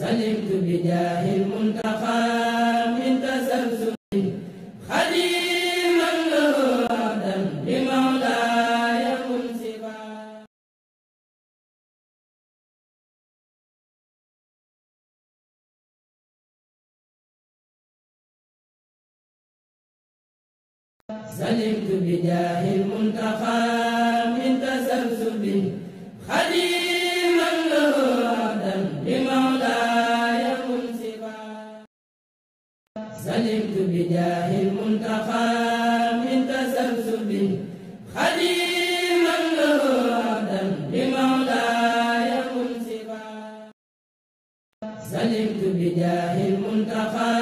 سلمت بجاه المنتقى من تسلسل خليما له لمولاي منصفا سلمت بجاه المنتقى من تسلسل خليما بجاه المنتقى من تسلسل خديما له عبدا لمولاي منصفا سلمت بجاه المنتقى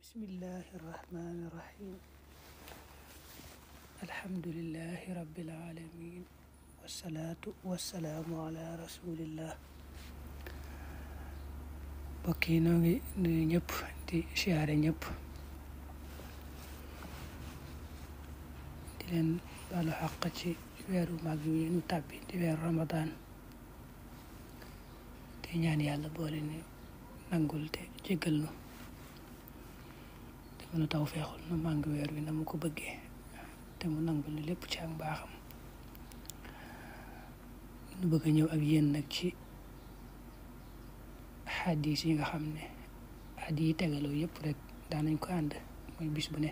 بسم الله الرحمن الرحيم الحمد لله رب العالمين والصلاة والسلام على رسول الله mbokk yi noo ngi nuyu ñëpp di siyaare ñëpp di leen baalu xàq ci weeru mag yi ñu tàbbi di weeru ramadaan te ñaan yàlla boole ni nangul te jéggal nu te mënu taw feexul nu màngi weer wi na mu ko bëggee te mu nangul ni lépp ci ak mbaaxam nu bëgg ñëw ak yéen nag ci xadis yi nga xam ne at yi tegaloo yëpp rek daanañ ko ànd mooy bis bu ne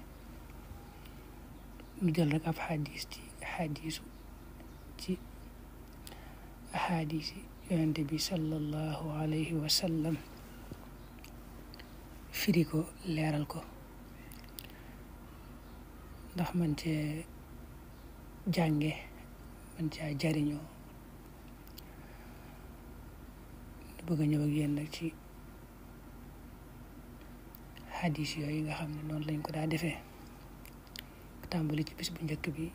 mu jël rek ab xadis ci xadisu ci axadis yi yonente bi sallallahu alayhi wa sallam ko leeral ko ndax man cee jànge man caa jariñoo bëgg a ñëw ak yéen nag ci xadis yooyu nga xam ne noonu lañ ko daa defee tàmbali ci bis bu njëkk bi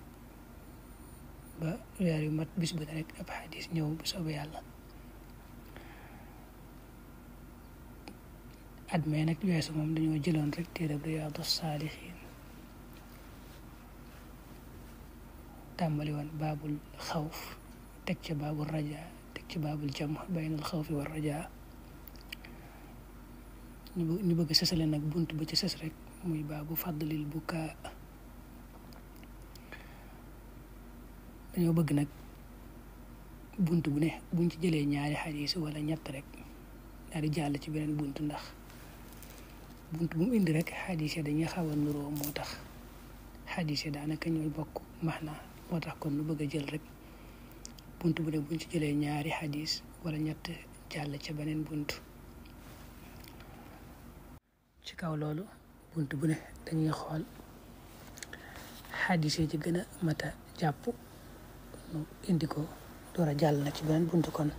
ba weer yu mat bis bu ne rek ab xadis ñëw bu soobee yàlla at mee nag weesu moom dañoo jëloon rek téerab Riyaadu Saalixiin tàmbali woon baabul xawf teg ca baabul rajaa ci baabul jam bayn al xawfi war rajaa ñu bëgg sësale nag bunt bu ci sës rek muy baabu fàddalil bukaa dañoo bëgg nag bunt bu ne buñ ci jëlee ñaari xadiis wala ñett rek daal di jàll ci beneen bunt ndax bunt bu mu indi rek xadiis yi dañuy xaw a nuroo moo tax xadiis yi daanaka ñooy bokk max na moo tax kon lu bëgg a jël rek bunt bu ne buñ ci jëlee ñaari xadis wala ñett jàll ca beneen bunt ci kaw loolu bunt bu ne dañuy xool xadis yi ci gën a mat a jàpp nu indi ko door a jàll na ci beneen bunt kon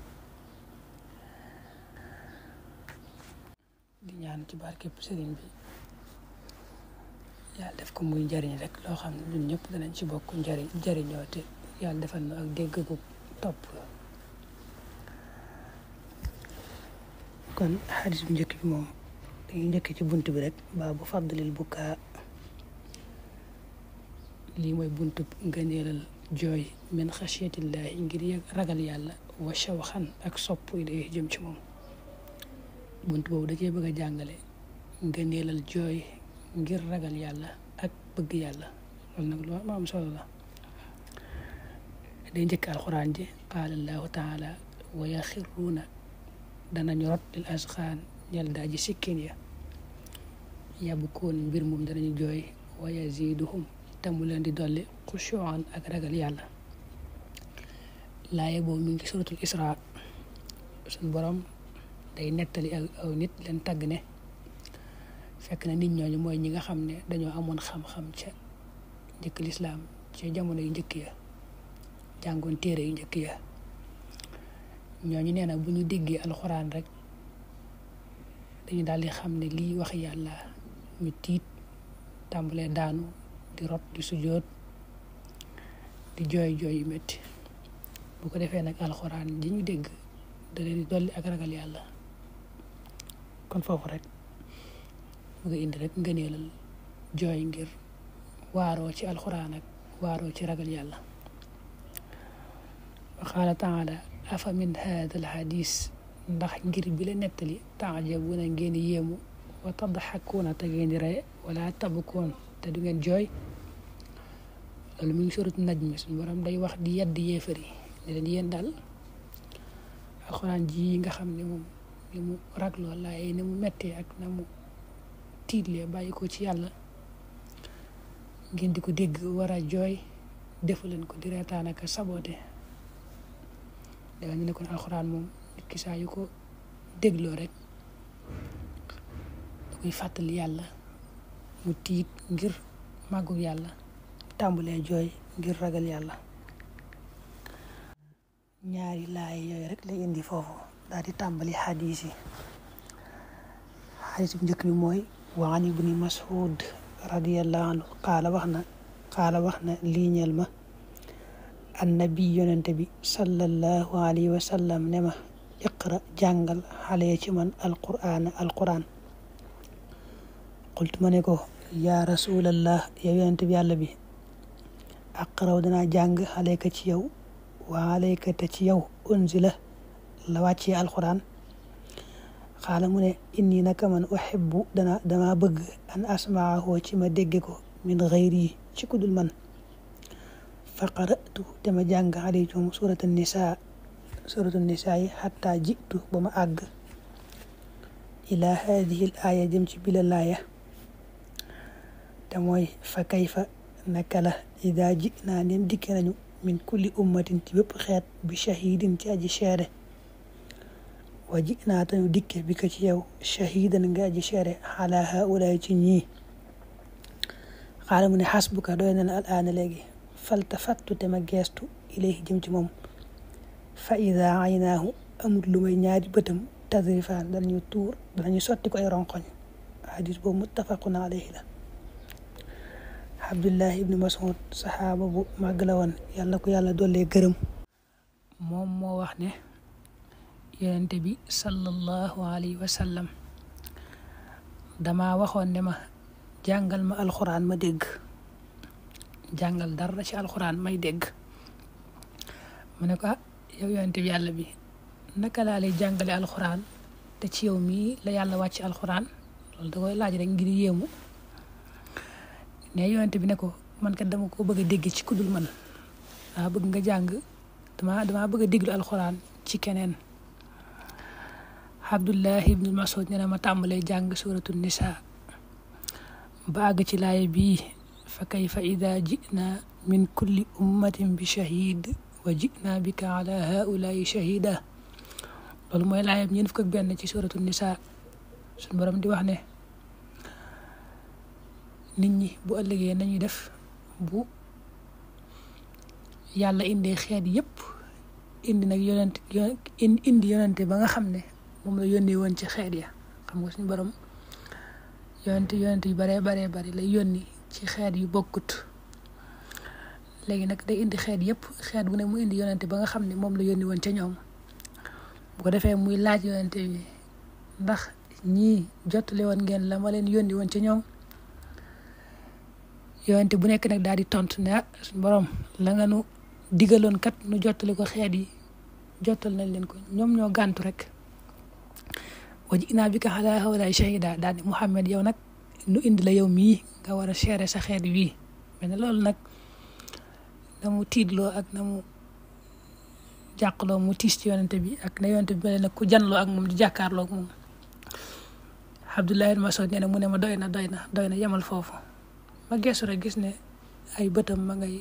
di ñaan ci barkeb sëriñ bi yàlla def ko muy njariñ rek loo xam ne ñun ñëpp danañ ci bokk njariñ njariñoo te yàlla defal na ak dégg gu طوب كون حادث مجاك في موم دي نجاك في بنت برك بابو فضل البكاء لي موي بنت غنيال جوي من خشية الله انجري رغل يالا وشا وخان اك صوب يليه جم شموم بنت بابو دي بغا جانغالي غنيال جوي ngir ragal yàlla ak bëgg yàlla loolu nag lu am solo la دينجك القرآن جي قال الله تعالى ويخرون دانا نيرت للأسخان نيال داجي سكين يا يبكون برمم دانا نجوي ويزيدهم تمولان دي دولي خشوعان أكرقل يالا لا يبو من سورة الإسراء سن برام داي نتالي أو نت لن تغني فكنا نين نيو موي نيغا خامني دانيو امون خام خام تي ديك الاسلام تي جامونو نديك يا jangon téré yu ñëk ya ñoo ñu na bu ñu déggee alxuraan rek dañu daal di xam ne lii wax yàlla ñu tiit tàmbalee daanu di rot di sujoot di jooy jooy yu métti bu ko defee nag alxuraan ji ñu dégg da leen di dolli ak ragal yàlla kon foofu rek mu nga indi rek ngëneelal jooy ngir waaroo ci alxuraan ak waaroo ci ragal yàlla وقال تعالى أفمن هذا الحديث ndax ngir bi la nettali taajabuna ngeen yéemu wa tadxakuuna te ngeen di ree wala tabukoon te du ngeen jooy loolu mi ngi surut naj mi suñu borom day wax di yedd yéefar yi ne leen yéen daal alxuraan ji yi nga xam ne moom ni mu ragloo laaye ni mu mettee ak na mu tiitlee bàyyi ko ci yàlla ngeen di ko dégg war a jooy defu leen ko di reetaan ak saboote dafa ñu ne kon alxuraan moom nit ki yu ko dégloo rek da koy fàttali yàlla mu tiit ngir màggu yàlla tàmbalee jooy ngir ragal yàlla ñaari laay yooyu rek lay indi foofu daal di tàmbali xadiis yi xadiis njëkk bi mooy wa an ibni radiyallahu anhu qaala wax na qaala wax na lii ñeel ma النبي ينتبي صلى الله عليه وسلم نما اقرا جانغل عليه من القران القران قلت من يقول يا رسول الله يا ينتبي على بي اقرا ودنا جانغ عليك تشيو وعليك تشيو انزل لواتي القران قال من اني نك من احب دنا دما بغ ان اسمعه وشي ما من غيري شكو من فقرأت تما جانغ عليكم سورة النساء سورة النساء حتى جئت بما أغ إلى هذه الآية جمت بلا الآية تموي فكيف نكلا إذا جئنا نمدك من كل أمة تبب خير بشهيد تاج شارع وجئنا تنو ديك بك شهيدا نجاج شارع على هؤلاء تنيه قال من حسبك دوين الآن لقي فالتفت دما جستو إليه جمجمم فإذا عيناه أمر لمي نياري بدم تذرفان دان يطور دان يسوتك أي رنقن حديث بو متفقنا عليه لا عبد الله ابن مسعود صحابه بو مغلوان يالا كو يالا دولي گرم موم مو واخ ني صلى الله عليه وسلم دما واخون نما جانغال ما القران ما دغ jàngal dara ci alxuraan may dégg mu ne ko ah yow yonent bi yàlla bi naka laa lay jàngale alxuraan te ci yow mii la yàlla wàcc alxuraan loolu da koy laaj rek ngir yéemu ne yonent bi ne ko man kat dama ko bëgg a dégg ci kudul man daa bëgg nga jàng dama damaa bëgg a déglu alxuraan ci keneen abdullahi ibnu masud nee na ma tàmbalee jàng suratu nisa ba àgg ci laay bii فكيف إذا جئنا من كل أمة بشهيد وجئنا بك على هؤلاء شهيدة لول موي لاي ام ينفك بن سي سوره النساء سن بروم دي واخني نيت ني بو الليغي ناني ديف بو يالا اندي خيت ييب اندي نك يونت ان اندي يونت باغا خامني موم لا يوني وون سي خيت يا خمغو سن بروم يونت يونت يي باري باري باري يوني ci xeet yu bokkut léegi nag day indi xeet yëpp xeet bu ne mu indi yonente ba nga xam ne moom la yónni woon ca ñoom bu ko defee muy laaj yonente bi ndax ñii jottali woon ngeen la leen yónni woon ca ñoom yonente bu nekk nag daal di tontu ne ah, suñ boroom la nga nu digaloon kat nu jottali ko xeet yi jottal nañ leen ko ñoom ñoo gàntu rek waji inaa bi ka xalaa xawlay shahida daal ni Muhammad yow nag nu indi la yow mii nga war a seere sa xeet wii mais ne loolu nag na mu tiitloo ak na mu jàqloo mu tiis ci yonente bi ak na yonente bi mel ne ku janloo ak moom di jàkkaarloo ak moom Abdullahi Mas'ud nee mu ne ma doy na doy na doy na yemal foofu ma gis ne ay bëtam ma ngay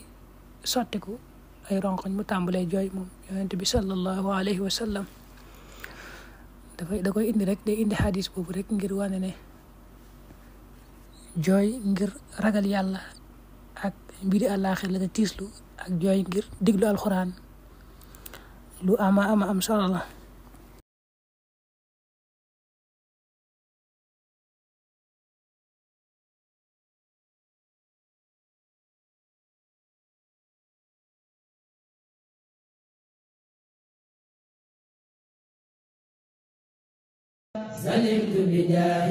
ay ronkoñ mu tàmbalee jooy moom yonente bi sallallahu alayhi wa sallam dafay da koy indi rek day indi xadis boobu rek ngir wane ne jooy ngir ragal yàlla ak mbiri àllaaxir la te tiislu ak jooy ngir diglu lu ama ama am solo la سلمت بجاه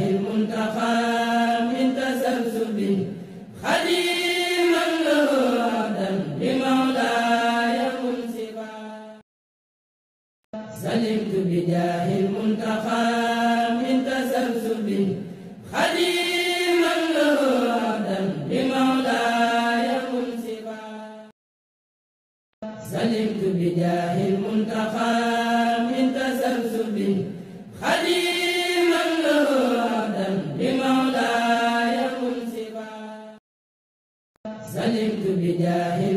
سلمت بجاه المنتقى من تسلسل خليما له عبدا بمولاي منصبا سلمت بجاه